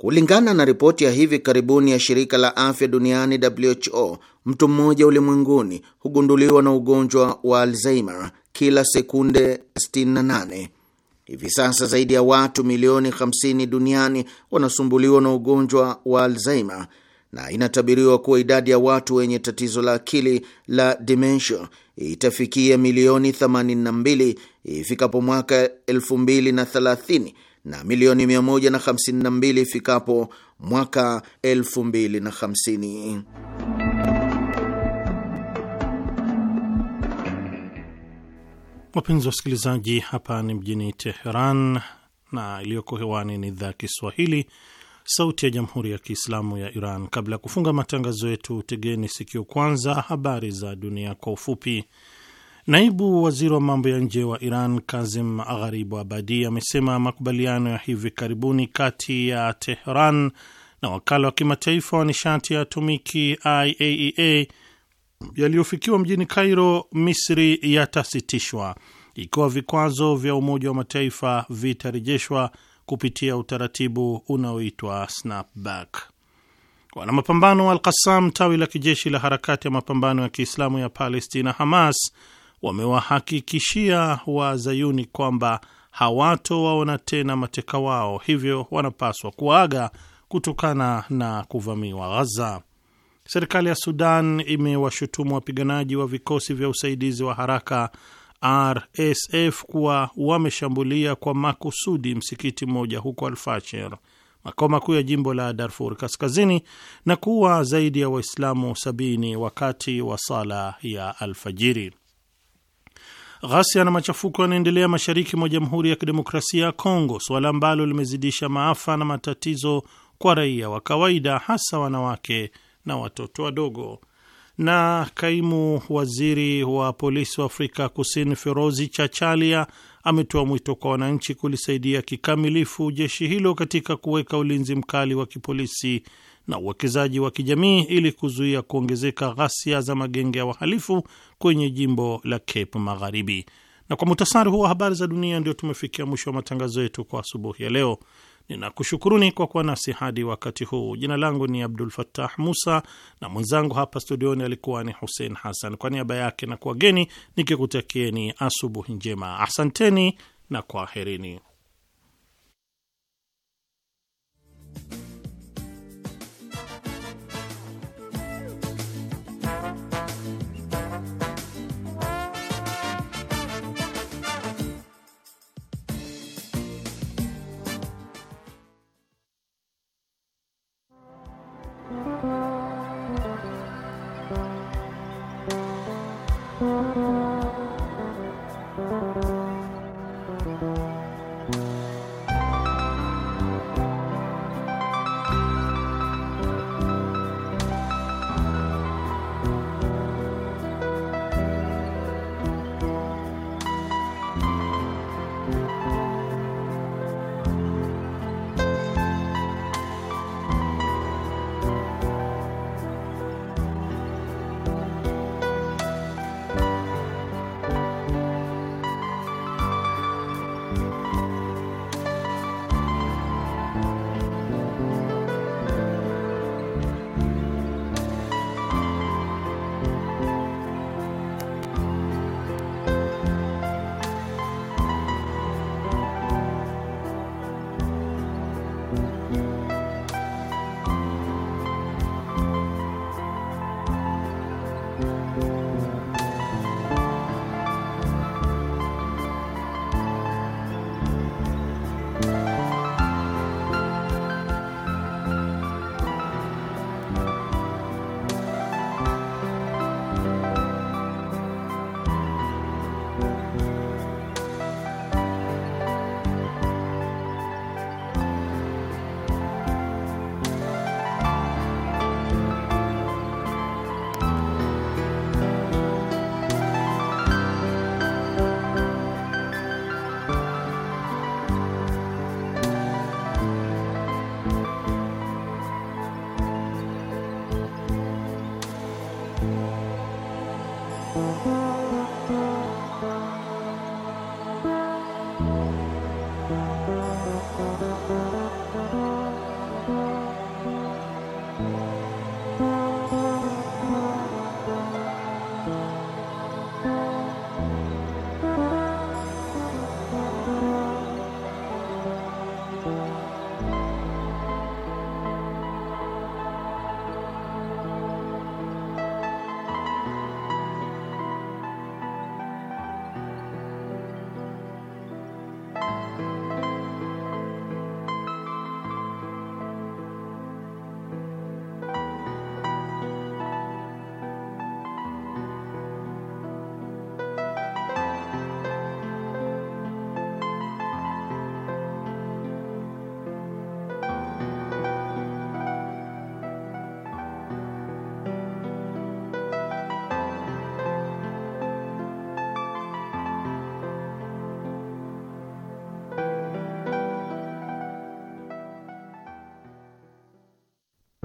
Kulingana na ripoti ya hivi karibuni ya shirika la afya duniani WHO, mtu mmoja ulimwenguni hugunduliwa na ugonjwa wa Alzheimer kila sekunde 68. Hivi sasa zaidi ya watu milioni 50 duniani wanasumbuliwa na ugonjwa wa Alzheimer na inatabiriwa kuwa idadi ya watu wenye tatizo la akili la dementia itafikia milioni 82 ifikapo mwaka 2030 na milioni 152 ifikapo mwaka 2050. Wapenzi wa wasikilizaji, hapa ni mjini Teheran na iliyoko hewani ni idhaa ya Kiswahili, Sauti ya Jamhuri ya Kiislamu ya Iran. Kabla ya kufunga matangazo yetu, tegeni sikio kwanza habari za dunia kwa ufupi. Naibu waziri wa mambo ya nje wa Iran Kazim Gharibu Abadi amesema makubaliano ya hivi karibuni kati ya Tehran na wakala wa kimataifa wa nishati ya atomiki IAEA e yaliyofikiwa mjini Cairo, Misri yatasitishwa ikiwa vikwazo vya Umoja wa Mataifa vitarejeshwa kupitia utaratibu unaoitwa snapback. Wanamapambano wa Al tawi la kijeshi la harakati ya mapambano ya Kiislamu ya Palestina, Hamas wamewahakikishia wazayuni kwamba hawatowaona tena mateka wao, hivyo wanapaswa kuaga kutokana na kuvamiwa Ghaza. Serikali ya Sudan imewashutumu wapiganaji wa vikosi vya usaidizi wa haraka RSF kuwa wameshambulia kwa makusudi msikiti mmoja huko Alfashir, makao makuu ya jimbo la Darfur Kaskazini, na kuwa zaidi ya Waislamu 70 wakati wa sala ya alfajiri. Ghasia na machafuko yanaendelea mashariki mwa Jamhuri ya Kidemokrasia ya Kongo, suala ambalo limezidisha maafa na matatizo kwa raia wa kawaida, hasa wanawake na watoto wadogo. Na kaimu waziri wa polisi wa Afrika Kusini Ferozi Chachalia ametoa mwito kwa wananchi kulisaidia kikamilifu jeshi hilo katika kuweka ulinzi mkali wa kipolisi na uwekezaji wa kijamii ili kuzuia kuongezeka ghasia za magenge ya wahalifu kwenye jimbo la Cape Magharibi. Na kwa mutasari huu wa habari za dunia, ndio tumefikia mwisho wa matangazo yetu kwa asubuhi ya leo. Ninakushukuruni kwa kuwa nasi hadi wakati huu. Jina langu ni Abdul Fattah Musa na mwenzangu hapa studioni alikuwa ni Hussein Hassan. Kwa niaba yake na kwa geni, nikikutakieni asubuhi njema. Asanteni na kwaherini.